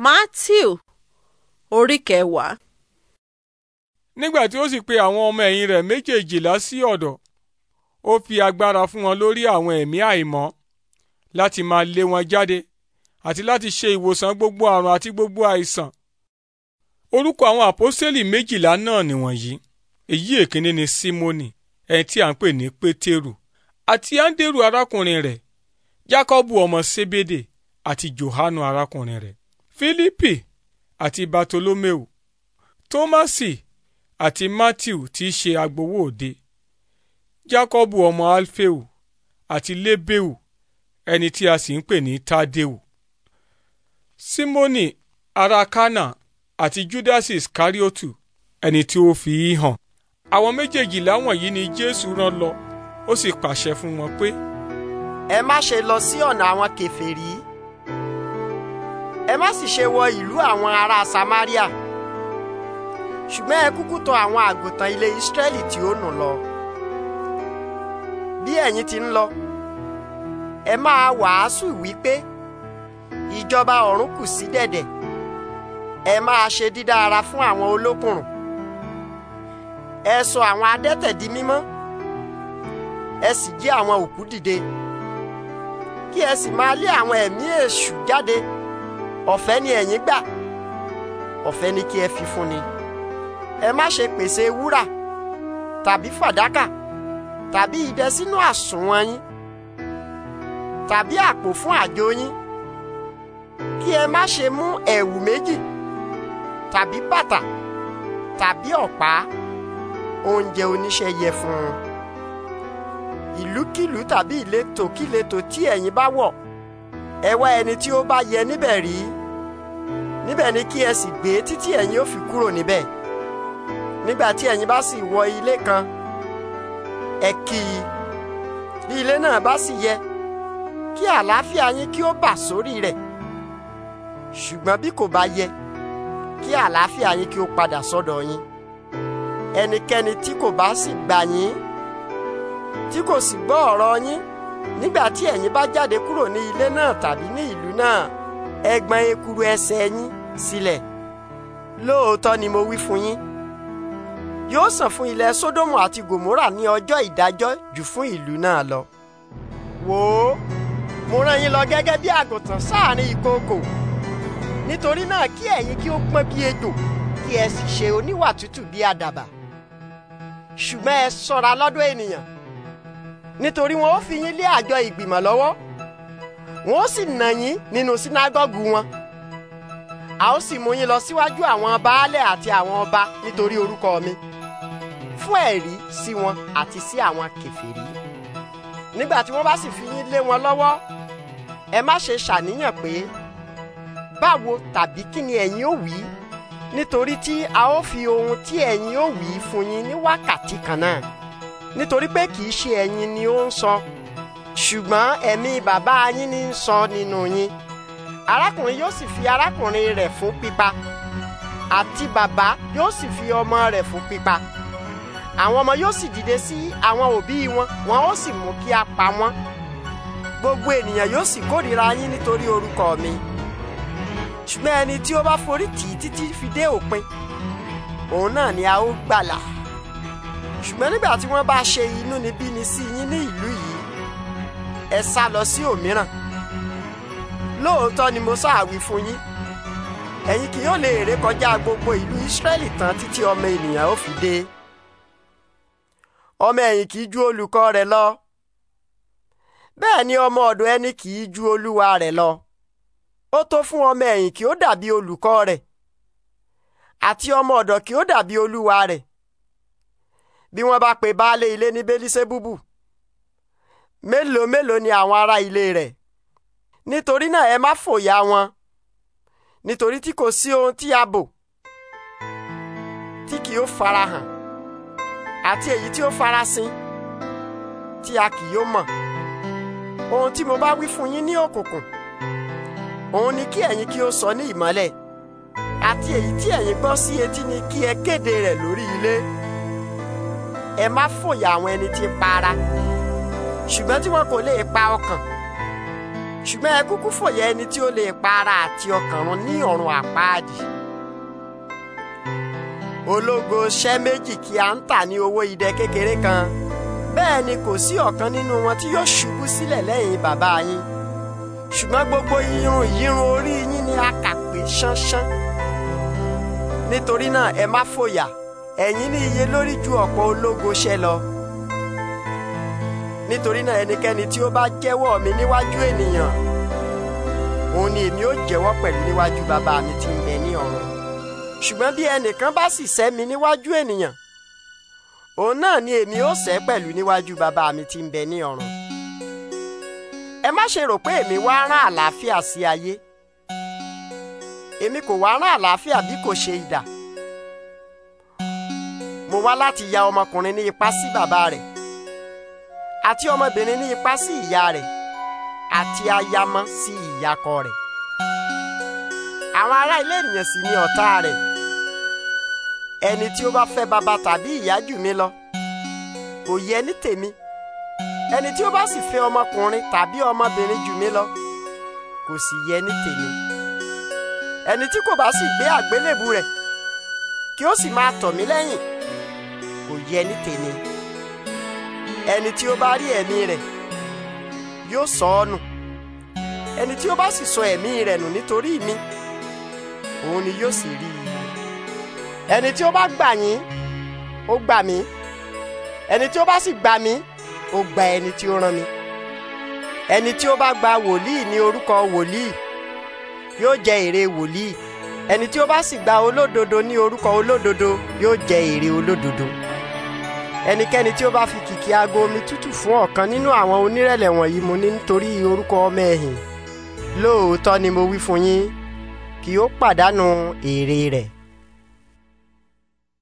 Matthew orí kẹwàá. nígbà tí ó sì pe àwọn ọmọ ẹ̀yìn rẹ̀ méjèèjìlá sí ọ̀dọ̀ ó fi agbára fún wọn lórí àwọn ẹ̀mí àìmọ́ láti máa lé wọn jáde àti láti ṣe ìwòsàn gbogbo àrùn àti gbogbo àìsàn. orúkọ àwọn àpọ́sẹ́lì méjìlá náà nìwọ̀nyí èyí èkíní ni Símónì ẹni tí à ń pè ní Pétérù àti Áńdérù arákùnrin rẹ̀ Jákọ́bù ọmọ Sébédè àti Jòhánù arákùnrin rẹ̀ fílípì àti bartolomeu tómásì àti matthew tí í ṣe agbowó òde jákọ́bù ọmọ alfeu àti lébéu ẹni tí a sì ń pè ní tádéu símónì ará kánà àti júdásì iskariotu ẹni tí ó fi í hàn àwọn méjèèjìlá wọ̀nyí ni jésù rán lọ ó sì pàṣẹ fún wọn pé. ẹ má ṣe lọ sí ọ̀nà àwọn kèfèrí ẹ má sì ṣe wọ ìlú àwọn ará Samaria ṣùgbọ́n ẹ kúkú tọ̀ àwọn àgùntàn ilé Ísírẹ́lì tí ó nù lọ bí ẹ̀yin ti ń lọ ẹ máa wàásù wípé ìjọba ọ̀run kù sí dẹ̀dẹ̀ ẹ máa ṣe dídá ara fún àwọn olókùnrùn ẹ sọ àwọn adẹ́tẹ̀ di mímọ́ ẹ sì jí àwọn òkú dìde kí ẹ sì máa lé àwọn ẹ̀mí èṣù jáde. E ọ̀fẹ́ ni ẹ̀yin gbà ọ̀fẹ́ ni kí ẹ fi fún ni ẹ má ṣe pèsè wúrà tàbí fàdákà tàbí idẹ sínú àsùnwọ̀n yín tàbí àpò fún àjò yín kí ẹ má ṣe mú ẹ̀wù méjì tàbí bàtà tàbí ọ̀pá oúnjẹ oníṣẹ́ yẹ fún un ìlúkìlú tàbí ìletòkíletò tí ẹ̀yin bá wọ̀ ẹ wá ẹni tí ó bá yẹ níbẹ̀ rí níbẹ̀ ni kí ẹ sì gbé títí ẹ̀yin ó fi kúrò níbẹ̀ nígbà tí ẹ̀yin bá sì wọ ilé kan ẹ kì í bí ilé náà bá sì yẹ kí àlàáfíà yín kí ó bà sórí rẹ̀ ṣùgbọ́n bí kò bá yẹ kí àlàáfíà yín kí ó padà sọ́dọ̀ yín ẹnikẹ́ni tí kò bá sì gbà yín tí kò sì gbọ́ ọ̀rọ̀ yín nígbà tí ẹ̀yin bá jáde kúrò ní ilé náà tàbí ní ìlú náà ẹ ekuru ẹsẹ̀ yín sílẹ̀ lóòótọ́ ni mo wí fún yín yóò sàn fún ilẹ̀ sódómù àti gòmórà ní ọjọ́ ìdájọ́ jù fún ìlú náà lọ. wò ó mo rán yín lọ gẹ́gẹ́ bí àgùntàn sáàrin ìkookò nítorí náà kí ẹ̀yin kí ó pọ́n bí ejò kí ẹ sì ṣe oníwà tútù bí àdàbà ṣùgbọ́n ẹ ṣọ́ra lọ́dọ̀ ènìyàn nítorí wọn ó fi yín lé àjọ ìgbìmọ̀ lọ́wọ́ wọn ó sì nà yín nínú sínágọ́gù wọn. a ó sì mú yín lọ síwájú àwọn baálẹ̀ àti àwọn ọba nítorí orúkọ mi fún ẹ̀rí sí wọn àti sí àwọn kèfèrí nígbà tí wọ́n bá sì fi yín lé wọn lọ́wọ́ ẹ má ṣe ṣàníyàn pé báwo tàbí kí ni ẹ̀yin ó wí nítorí tí a ó fi ohun tí ẹ̀yin ó wí fún yín ní wákàtí kan náà nítorí pé kì í ṣe ẹ̀yin ni ó ń sọ ṣùgbọ́n ẹ̀mí bàbá yín ni ń sọ nínú yín arákùnrin yóò sì fi arákùnrin rẹ̀ fún pípa àti bàbá yóò sì fi ọmọ rẹ̀ fún pípa àwọn ọmọ yóò sì dìde sí àwọn òbí wọn wọn ó sì mú kí a pa wọ́n gbogbo ènìyàn yóò sì kórìíra yín nítorí orúkọ mi ṣùgbọ́n ẹni tí ó bá forí tì í títí fi dé òpin òun náà ni a ó gbàlà ṣùgbọ́n nígbà tí wọ́n bá ṣe inúnibíni sí yín ní ìlú yìí ẹ sá lọ sí òmíràn lóòótọ́ ni mo ṣáàwí fún yín ẹ̀yin kì yóò lè ré kọjá gbogbo ìlú Ísírẹ́lì tán títí ọmọ ènìyàn ó fi dé ọmọ ẹ̀yìn kì í ju olùkọ́ rẹ̀ lọ bẹ́ẹ̀ ni ọmọ ọ̀dọ̀ ẹni kì í ju olúwa rẹ̀ lọ ó tó fún ọmọ ẹ̀yìn kí ó dàbí olùkọ́ rẹ̀ àti ọmọ ọ̀dọ̀ kí ó dàbí olúwa rẹ̀ bí wọ́n bá pe baálé ilé ní bélísébùbù mélòó mélòó ni àwọn ará ilé rẹ̀ nítorí náà ẹ má fòyà wọn nítorí tí kò sí ohun tí a bò tí kì yóò farahàn àti èyí tí ó farasin tí a kì yóò mọ̀ ohun tí mo bá wí fún yín ní òkùnkùn òun ni kí ẹ̀yin kí ó sọ ní ìmọ́lẹ̀ àti èyí tí ẹ̀yin gbọ́ sí etí ni kí ẹ kéde rẹ̀ lórí ilé ẹ má fòyà àwọn ẹni tí ń pa ara tí wọn kò lè pa ọkàn ṣùgbọ́n ẹ kúkú fòye ẹni tí ó lè pa ara àti ọkàn ní ọ̀run àpáàdì. ológo ṣẹ́ méjì kí a ń tà ní owó idẹ kékeré kan bẹ́ẹ̀ ni kò sí ọ̀kan nínú wọn tí yóò ṣubú sílẹ̀ lẹ́yìn bàbá yín ṣùgbọ́n gbogbo irun yírun orí yín ni a kà pé ṣánṣán nítorí náà ẹ má fòyà ẹ̀yin ní iye lórí ju ọ̀pọ̀ ológo ṣẹ́ lọ nítorí náà ẹnikẹ́ni tí ó bá jẹ́wọ́ mi níwájú ènìyàn òun ni èmi ó jẹ́wọ́ pẹ̀lú níwájú bàbá mi tí ń bẹ ní ọ̀run ṣùgbọ́n bí ẹnìkan bá sì sẹ́ mi níwájú ènìyàn òun náà ni èmi ó sẹ́ pẹ̀lú níwájú bàbá mi tí ń bẹ ní ọ̀run ẹ má ṣe rò pé èmi wá rán àlàáfíà sí ayé èmi kò wá rán àlàáfíà bí kò ṣe idà mo wá láti ya ọmọkùnrin ní ipá sí bàbá rẹ̀ àti ọmọbìnrin ní ipá sí ìyá rẹ̀ àti ayamọ sí ìyàkọ rẹ̀ àwọn ará ilé ènìyàn sì ni ọ̀tá rẹ̀ ẹni tí ó bá fẹ́ bàbá tàbí ìyá jù mí lọ kò yẹ ní tèmi ẹni tí ó bá sì fẹ́ ọmọkùnrin tàbí ọmọbìnrin jù mí lọ kò sì yẹ ní tèmi ẹni tí kò bá sì gbé àgbélébù rẹ̀ kí ó sì máa tọ̀ mí lẹ́yìn kò yẹ ní tèmi ẹni tí ó bá rí ẹ̀mí rẹ̀ yóò sọ ọ́ nù ẹni tí ó bá sì sọ ẹ̀mí rẹ̀ nù nítorí mi òun ni yóò sì rí i ẹni tí ó bá gbà yín ó gbà mí ẹni tí ó bá sì gbà mí ó gba ẹni tí ó rán mi ẹni tí ó bá gba wòlíì ní orúkọ wòlíì yóò jẹ èrè wòlíì ẹni tí ó bá sì gba olódodo ní orúkọ olódodo yóò jẹ èrè olódodo ẹnikẹ́ni tí ó bá fi kìkì aago omi tútù fún ọ̀kan nínú àwọn onírẹ̀lẹ̀ wọ̀nyí mu ní nítorí orúkọ ọmọ ẹ̀yìn lóòótọ́ ni mo wí fún yín kì ó pàdánù èrè rẹ̀